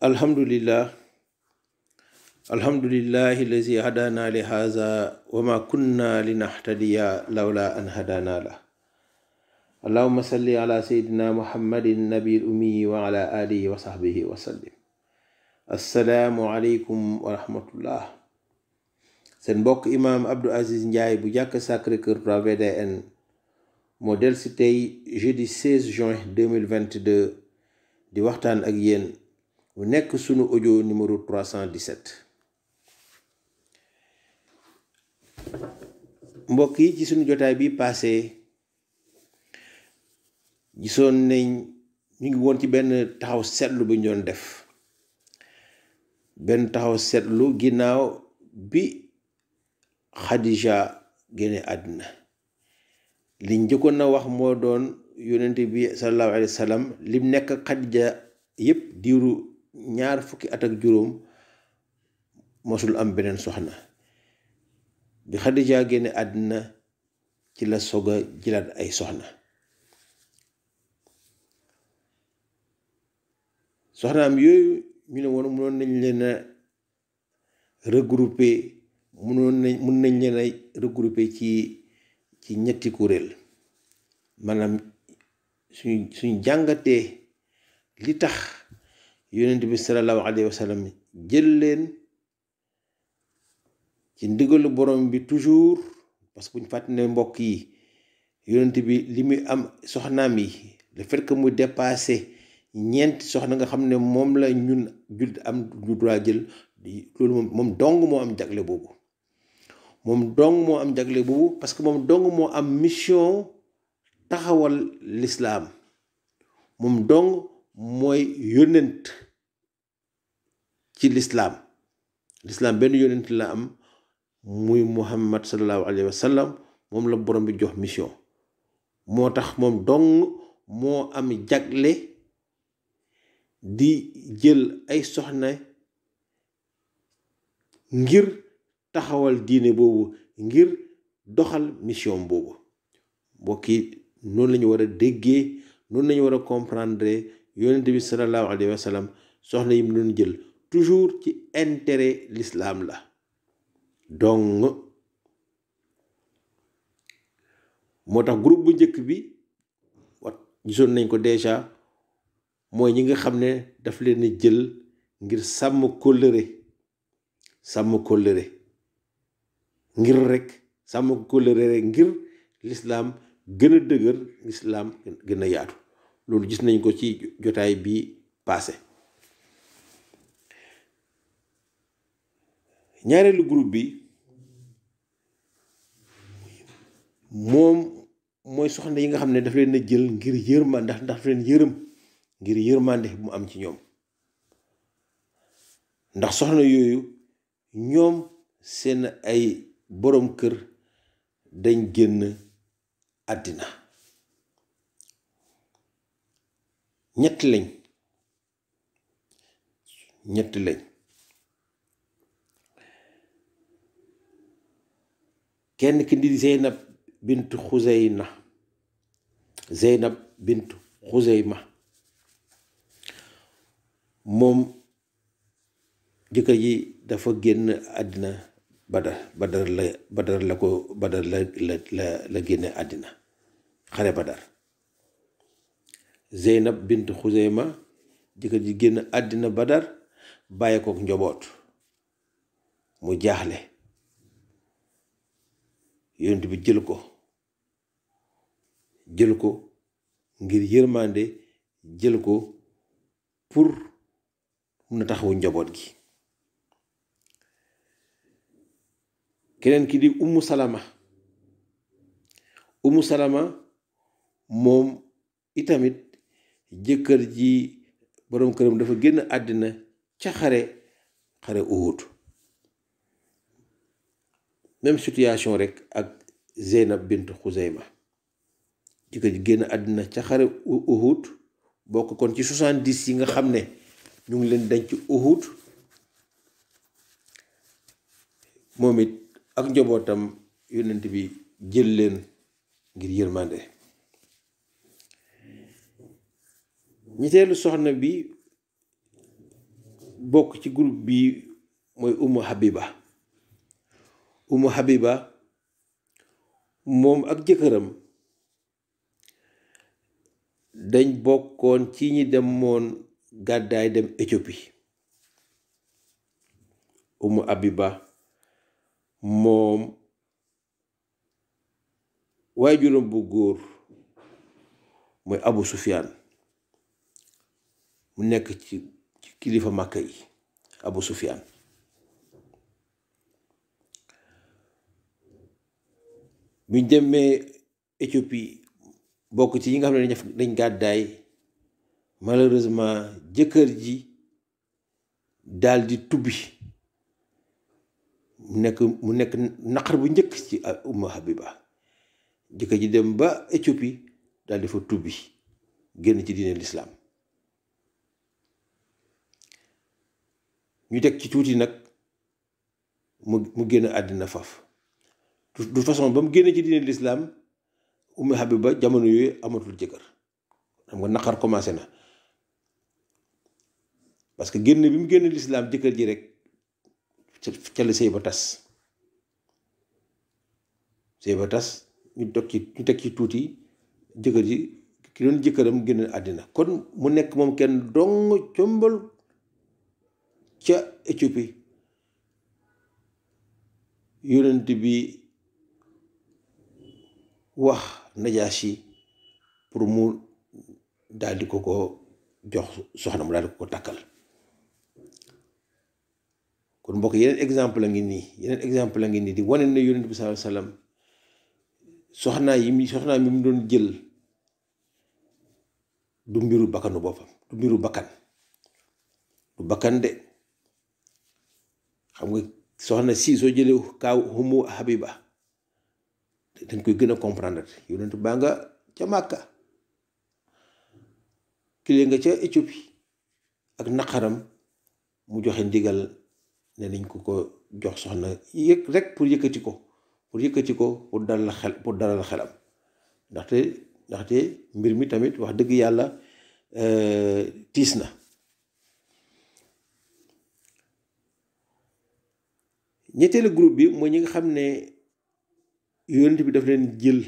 alhamdulillah alhamdulillahi lazi hadaana li haza wa ma kunna linahtadiya lawla an hadaana la allahuma salli ala sayidina muhammadin nabil ummi wa ala wa sahbihi wa sallim assalaamu wa rahmatullah seen mbokk imaam Abdou Aziz Ndiaye bu jàkk Sacré-Cœur 3 VDN moo del si tey juin di waxtaan ak yéen bu nekk sunu audio numéro 317 mbokk yi ci sunu jotaay bi passé gisoon nañ ñu ngi woon ci benn taxaw seetlu bu ñu doon def benn taxaw seetlu ginnaaw bi Xadija génne àddina liñ njëkkoon na wax moo doon yonent bi sallallahu alayhi wa lim nekk Xadija yépp diiru ñaar fukki at ak juróom mosul am beneen soxna bi Xadija génne àddina ci la sog a ay soxna soxnaam yooyu ñu ne woon mënoon nañ leen a regrouper mënoon nañ mën nañ leen a regrouper ci ci ñetti kuréel maanaam suñ suñ jàngatee li tax yonent bi sallallahu alayhi wa sallam jël leen ci ndigalu borom bi toujours parce que bu ñu fàttali mbokk yi yonent bi li muy am soxnaam yi le fait que mu dépassé ñeenti soxna nga xam ne moom la ñun jullit am du droit jël loolu moom dong moo am jagle boobu moom dong moo am jagle boobu parce que moom dong moo am mission taxawal lislaam moom dong mooy yónnent ci lislaam lislaam benn yónnent la am muy muhammad sallallahu alayhi wa moom la borom bi jox mission moo tax moom dong moo am jagle di jël ay soxna ngir taxawal diine boobu ngir doxal mission boobu mbokk yi noonu lañu ñu war a déggee noonu lañu ñu war a comprendre yonent bi sallallahu alayhi wa sallam soxna yi mu doon jël toujours ci intérêt lislaam la donc moo tax groupe bu njëkk bi wat gisoon nañ ko déjà mooy ñi nga xam ne daf leen jël ngir sàmm kóllëre sàmm kóllëre ngir rek sàmm kóllëre rek ngir lislaam gën a dëgër l'islam gën a yaatu loolu gis nañ ko ci jotaay bi passé ñaareelu groupe bi moom mooy soxna yi nga xam ne daf leen a jël ngir yërmande ndax daf leen yërëm ngir yërmande bu mu am ci ñoom ndax soxna yooyu ñoom seen ay boroom kër dañ génn àddina ñett lañ ñett lañ kenn ki di Zeynab bintu Xuzeyna Zeynab bintu Xuzeyma moom jëkkër ji dafa génn àddina badar badar la badar la ko badar la la la génne àddina xare badar zeynab bint xuzeyma jëkkër ji génn àddina badar bàyyi kook njaboot mu jaaxle yonent bi jël ko jël ko ngir yërmande jël ko pour mun a taxawu njaboot gi keneen ki di ummu salama ummu salama moom itamit jëkkër ji boroom këram dafa génn àddina ca xare xare Uhud même situation rek ak Zeynab bint Xuzayma jëkkër ji génn àddina ca xare Uhud bokk kon ci soixante-dix yi nga xam ne ñu ngi leen denc Uhud moom it ak njobootam yonent bi jël leen ngir yërmande ñetteelu soxna bi bokk ci groupe bi mooy Umu Habiba Umu Habiba moom ak jëkkëram dañ bokkoon ci ñi demoon gàddaay dem Éthiopie Umu Habiba moom waajuram bu góor mooy Abu Sufyaan mu nekk ci ci kilifa makk yi Abu Sufyaan buñ demee Éthiopie bokk ci yi nga xam ne dañ gàddaay malheureusement jëkkër ji daal di tubbi mu nekk mu nekk naqar bu njëkk ci umma Habiba jëkkër ji dem ba Éthiopie daal di fa tubbi génn ci diine lislaam ñu teg ci tuuti nag mu mu génn àddina faf du façon ba mu génn ci diine lislaam Umu ba jamono yooyu amatul jëkkër xam nga naqar commencé na parce que génn bi mu génn lislaam jëkkër ji rek ca la ba tas sëy ba tas ñu teg ci ñu teg ci tuuti jëkkër ji ki doon jëkkëram génn àddina kon mu nekk moom kenn dong combal ca Éthiopie yonent bi wax Najaasi pour mu daal di ko ko jox soxna mu daal di ko ko takkal kon mbokk yeneen exemple la ngi nii yeneen exemple la ngi nii di wane na yonent bi sallallahu alayhi wasallam soxnaa yi mi soxna mi mu doon jël du mbiru bakkanu boppam du mbiru bakkan du bakkan de xam nga soxna si soo jëlee kaaw Umu Habiba dañ koy gën a comprendre yonent baa nga ca Màkka kilee nga ca Éthiopie ak naqaram mu joxe ndigal ne nañ ko ko jox soxna yëg rek pour yëkkati ko pour yëkkati ko pour dalal xel pour dalal xelam ndaxte ndaxte mbir mi tamit wax dëgg yàlla euh, tiis na ñetteelu groupe bi mooy ñi nga xam ne yonent bi daf leen jël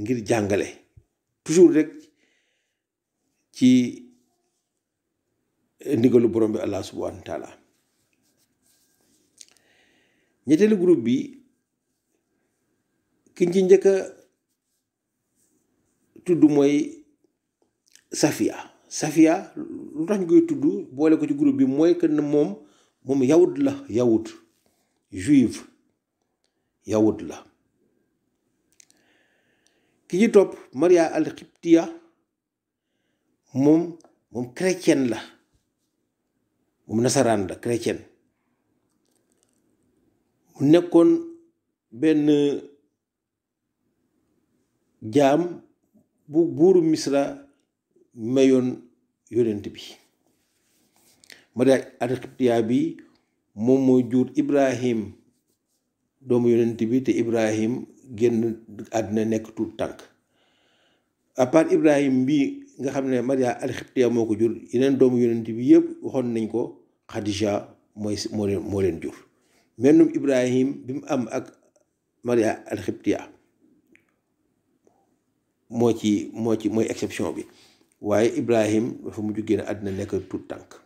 ngir jàngale toujours rek ci ndigalu borom bi allah subhanahu wa ñetteelu groupe bi ki ci njëkk a tudd mooy safiya safiya lu tax ñu koy tudd boole ko ci groupe bi mooy que ne moom moom yawut la yawut juive yawut la ki ci topp maria alxiptiya moom moom chrétienne la moom nasaraan la chrétienne mu nekkoon benn jaam bu buuru misra mayoon yonent bi maria alxiptiya bi moom mooy jur ibrahim doomu yonent bi te ibrahim génn àddina nekk tuut tànk à part ibrahim bi nga xam ne maria alxibtiya moo ko jur yeneen doomu yonent bi yëpp waxoon nañ ko xadija mooy moo leen moo leen jur mennum ibrahim bi mu am ak maria alxibtiya moo ci moo ci mooy exception bi waaye ibrahim dafa mujj génn àddina nekk tuut tànk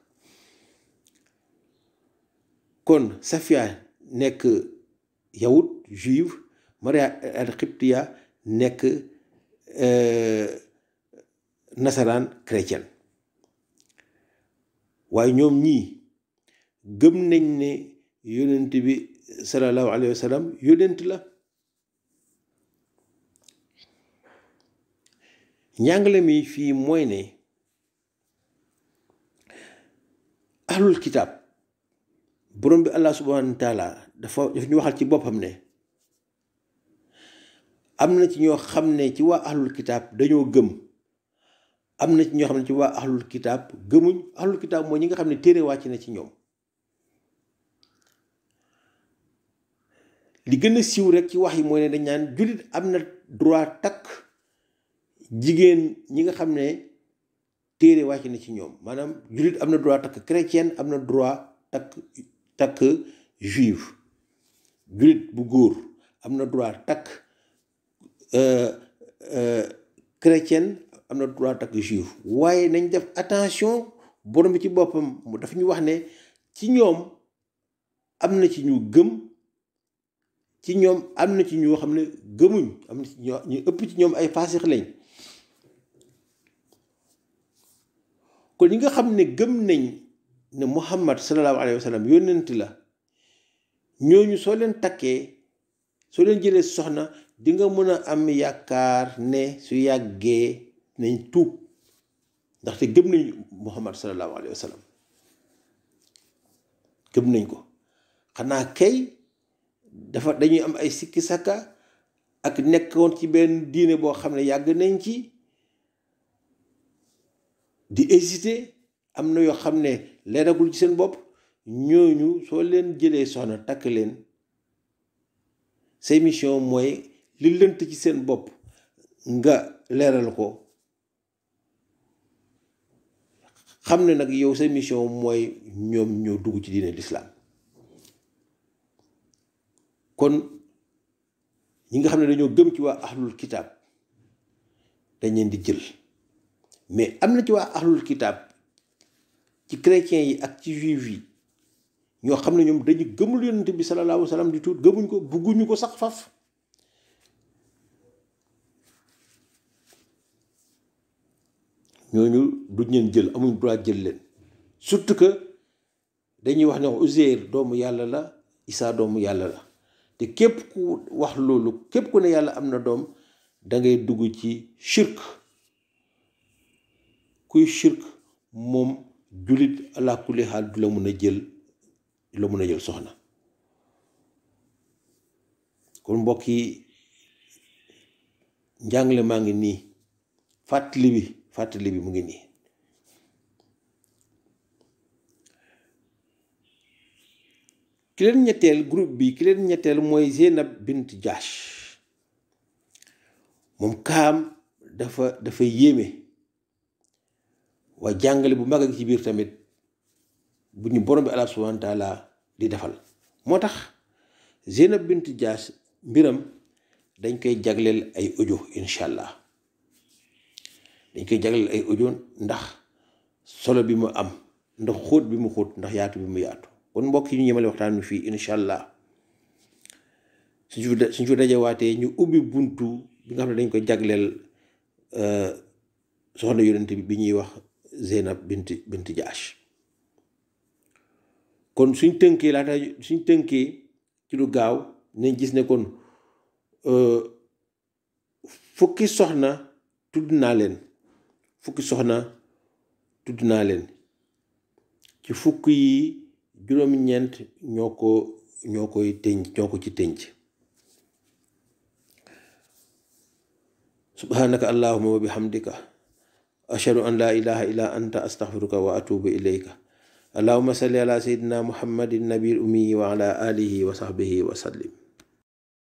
kon Safia nekk yawut juive Maria al nekk euh, nasaraan chrétien waaye ñoom ñii gëm nañ ni yonent bi sallallahu alayhi wa sallam la njàngale mi fii mooy ne ahlul kitaab borom bi allah subhanahu wa dafa dafa ñu waxal ci boppam ne am na ci ñoo xam ne ci waa ahlul kitaab dañoo gëm am na ci ñoo xam ne ci waa ahlul gëmuñ ahlul kitaab mooy ñi nga xam ne téere wàcc na ci ñoom li gën a siiw rek ci wax yi mooy ne dañ naan jullit am na droit takk jigéen ñi nga xam ne téere wàcc na ci ñoom maanaam jullit am na droit takk chrétien am na droit takk takk juif jullit bu góor am na droit takk euh, euh, chrétien am na droit takk juif waaye nañ def attention borom bi ci boppam mu dafa ñu wax ne ci ñoom am na ci ñu gëm ci ñoom am na ci ñoo xam ne gëmuñ am na ci ñoo ñu ëpp ci ñoom ay faasix lañ kon ñi nga xam ne gëm nañ ne muhammad sallallahu alayhi wa sallam yónnent la ñooñu soo leen takkee soo leen jëlee soxna dinga mën a am yaakaar ne su yàggee nañ tuub ndaxte gëm nañ muhammad sallallahu alayhi wa gëm nañ ko xanaa kay dafa dañuy am ay sikki sakka ak nekkoon ci benn diine boo xam ne yàgg nañ ci di hésité am na yoo xam ne leeragul ci seen bopp ñooñu soo leen jëlee soxna takk leen say mission mooy li lënt ci seen bopp nga leeral ko xam ne nag yow sa mission mooy ñoom ñoo dugg ci diine lislaam kon ñi nga xam ne dañoo gëm ci waa ahlul kitaab dañ leen di jël mais am na ci wax ahlul kitaab ci chrétiens yi ak ci juif ñoo xam ne ñoom dañu gëmul yonent bi sallallahu alayhi wa di tuut gëmuñ ko bugguñu ko sax faf ñooñu duñ leen jël amuñ droit jël leen surtout que dañuy wax ne Useer doomu yàlla la Isaa doomu yàlla la te képp ku wax loolu képp ku ne yàlla am na doom da ngay dugg ci shirk kuy shirk moom jullit ala xaal du la mën a jël du la mën a jël soxna kon mbokk yi njàngale maa ngi nii fàttali bi fàttali bi mu ngi nii ki leen ñetteel groupe bi ki leen ñetteel mooy Zeynab bint Jaash moom kaam dafa dafa yéeme waa jàngale bu mag a ngi ci biir tamit bu ñu borom bi Allah subhaanahu wa di defal moo tax Zeynab bint Jaas mbiram dañ koy jagleel ay audio incha allah dañ koy jagleel ay audio ndax solo bi mu am ndax xóot bi mu xóot ndax yaatu bi mu yaatu kon mbokk yi ñu yemale waxtaan wi fii incha allah suñ fi suñ fi ñu ubbi buntu bi nga xam ne dañ koy jagleel euh, soxna yonent bi bi ñuy wax Zeynab binti binti Jaash kon suñ tënkee laata suñ tënkee ci lu gaaw ne gis ne kon euh, fukki soxna tudd naa leen fukki soxna tudd naa leen ci fukk yi juróom-ñeent ñoo ko ñoo koy tënc ñoo ko ci tënc subhanaka allahuma wa bihamdika ashhadu an laa ilaha illa anta astaghfiruka wa atubu ilayka allahumma salli ala sayyidina muhammadin nabil ummi wa ala alihi wa sahbihi wa sallim